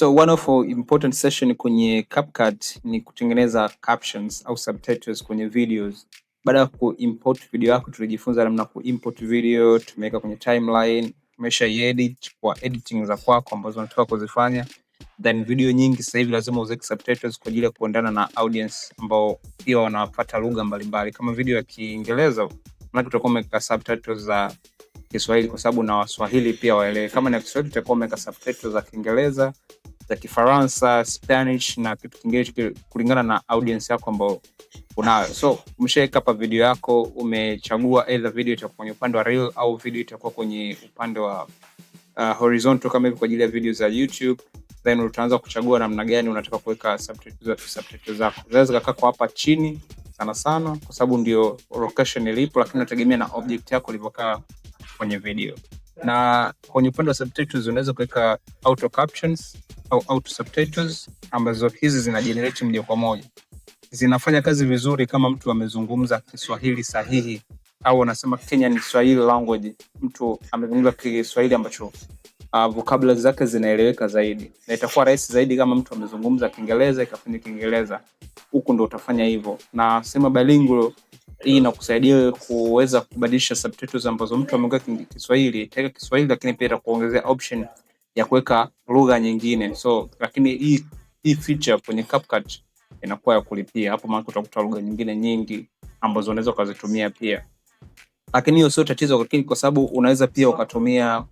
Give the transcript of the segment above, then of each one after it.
So one of our important session kwenye CapCut ni kutengeneza captions au subtitles kwenye videos. Baada ya kuimport video yako, tulijifunza namna kuimport video, tumeweka kwenye timeline, tumesha edit kwa editing za kwako ambazo unataka kuzifanya. Then video nyingi sasa hivi lazima uweke subtitles kwa ajili ya kuendana na audience ambao pia wanafuata lugha mbalimbali. Kama video ya Kiingereza, maana tutakuwa umeweka subtitles za Kiswahili kwa sababu na Waswahili pia waelewe. Kama ni Kiswahili, tutakuwa umeweka subtitles za Kiingereza za Kifaransa, Spanish na kitu kingine kulingana na audience yako ambao unayo. So umeshaweka hapa video yako, umechagua either video itakuwa kwenye upande wa real au video itakuwa kwenye upande wa uh, horizontal kama hivi kwa ajili ya video za YouTube. Then utaanza kuchagua namna gani unataka kuweka subtitle zako, zinaweza zikakaa kwa hapa chini sana sana, kwa sababu ndio location ilipo, lakini unategemea na object yako ilivyokaa kwenye video na kwenye upande wa subtitles unaweza kuweka auto captions au auto subtitles ambazo hizi zina generate moja kwa moja, zinafanya kazi vizuri kama mtu amezungumza Kiswahili sahihi au anasema ni Swahili language, mtu amezungumza Kiswahili ambacho uh, vokabula zake zinaeleweka zaidi, na itakuwa rahisi zaidi kama mtu amezungumza Kiingereza ikafanya Kiingereza. Huku ndo utafanya hivyo, na sema balingu hii inakusaidia kuweza kubadilisha ambazo mtu ameongea Kiswahili itaweka Kiswahili, lakini pia itakuongezea option ya kuweka lugha nyingine. So lakini hii hii feature kwenye CapCut inakuwa ya kulipia hapo, maana utakuta lugha nyingine nyingi ambazo unaweza ukazitumia pia, lakini hiyo sio tatizo, lakini kwa sababu unaweza pia ukatumia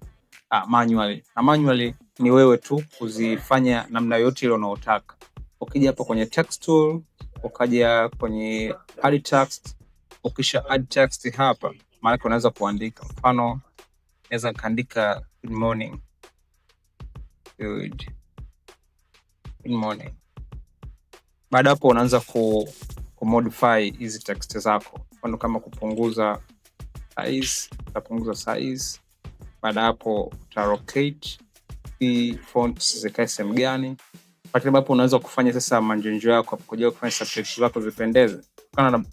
ah, manually na manually ni wewe tu kuzifanya namna yote ile unaotaka. Ukija hapa kwenye text tool, ukaja kwenye add text, ukisha add text hapa, maanake unaweza kuandika, mfano naweza nikaandika good morning fluid in baada hapo unaanza ku, ku modify hizi text zako mfano kama kupunguza size utapunguza size baada hapo utarocate hii font zikae sehemu gani pale ambapo unaweza kufanya sasa manjenjo yako apokuja kufanya subjects zako zipendeze kutokana na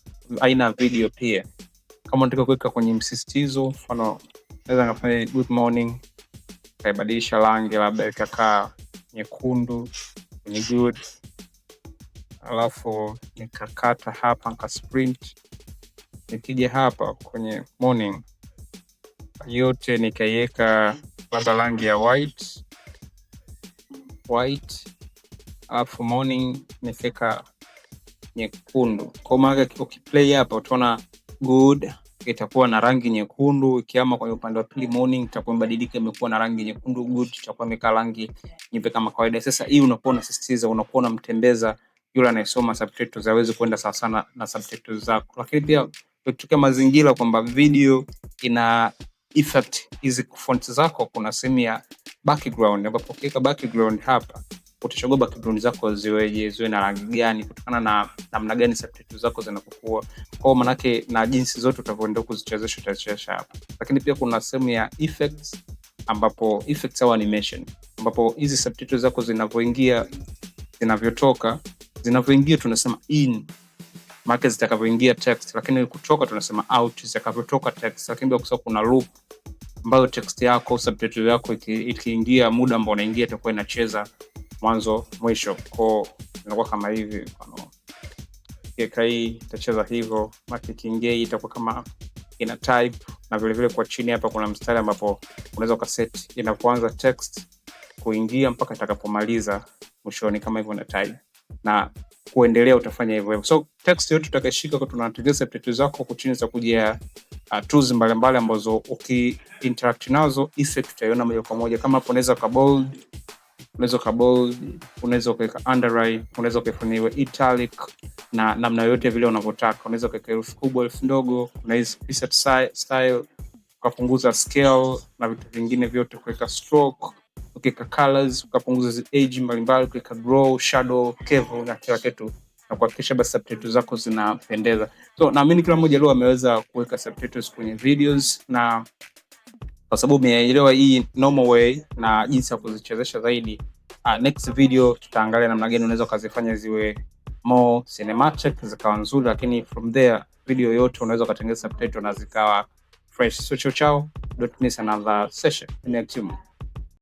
aina ya video pia kama unataka kuweka kwenye msisitizo mfano naweza ngafanya good morning ikaibadilisha rangi, labda ikakaa nyekundu kwenye alafu nikakata hapa nika sprint, nikija hapa kwenye morning yote nikaiweka labda rangi ya white white, alafu morning nikaweka nyekundu. Kwa maana ukiplay hapa utaona good itakuwa na rangi nyekundu, ikiama kwenye upande wa pili morning itakuwa imebadilika imekuwa na rangi nyekundu, good itakuwa imekaa rangi nyeupe kama kawaida. Sasa hii unakuwa unasisitiza, unakuwa unamtembeza yule anayesoma subtitles aweze kwenda sawa sana na subtitles zako, lakini pia katika mazingira kwamba video ina effect hizi fonts zako, kuna sehemu ya background ambapo ukiweka background hapa potential goba zako ziweje, ziwe na rangi gani, kutokana na namna gani substitute zako zinapokuwa kwao, manake na jinsi zote utavyoenda kuzichezesha utachezesha hapo. Lakini pia kuna sehemu ya effects, ambapo effects au animation, ambapo hizi substitute zako zinavyoingia, zinavyotoka, zinavyoingia tunasema in make zitakavyoingia text, lakini kutoka tunasema out, zitakavyotoka text. Lakini pia kusema kuna loop ambayo text yako subtitle yako ikiingia, muda ambao unaingia itakuwa inacheza mwanzo mwisho kwao, inakuwa kama hivi, mfano keka itacheza hivyo, makikingei itakuwa kama ina type, na vilevile kwa chini hapa kuna mstari ambapo unaweza ukaseti inapoanza text kuingia mpaka itakapomaliza mwishoni, kama hivyo na type na kuendelea utafanya hivyo hivyo. So text yote utakashika, tunatengeneza separate zako huko chini za kujia uh, tools mbalimbali ambazo ukiinteract nazo, iset utaiona moja kwa moja. Kama hapo unaweza ka bold unaweza uka unaweza ukaweka underline, unaweza ukaifanya italic na namna yoyote vile unavyotaka. Unaweza ukaweka herufi kubwa, elfu ndogo, unaweza preset style ukapunguza scale na vitu vingine vyote, kuweka stroke, ukiweka colors, ukapunguza age mbalimbali, kuweka glow, shadow, kevo na kila kitu na kuhakikisha basi subtitles zako zinapendeza. So naamini kila mmoja leo ameweza kuweka subtitles kwenye videos na kwa sababu umeelewa hii normal way na jinsi ya kuzichezesha zaidi. Uh, next video tutaangalia namna gani unaweza ukazifanya ziwe more cinematic zikawa nzuri, lakini from there video yote unaweza ukatengeza subtitle na zikawa fresh. So chao chao, don't miss another session.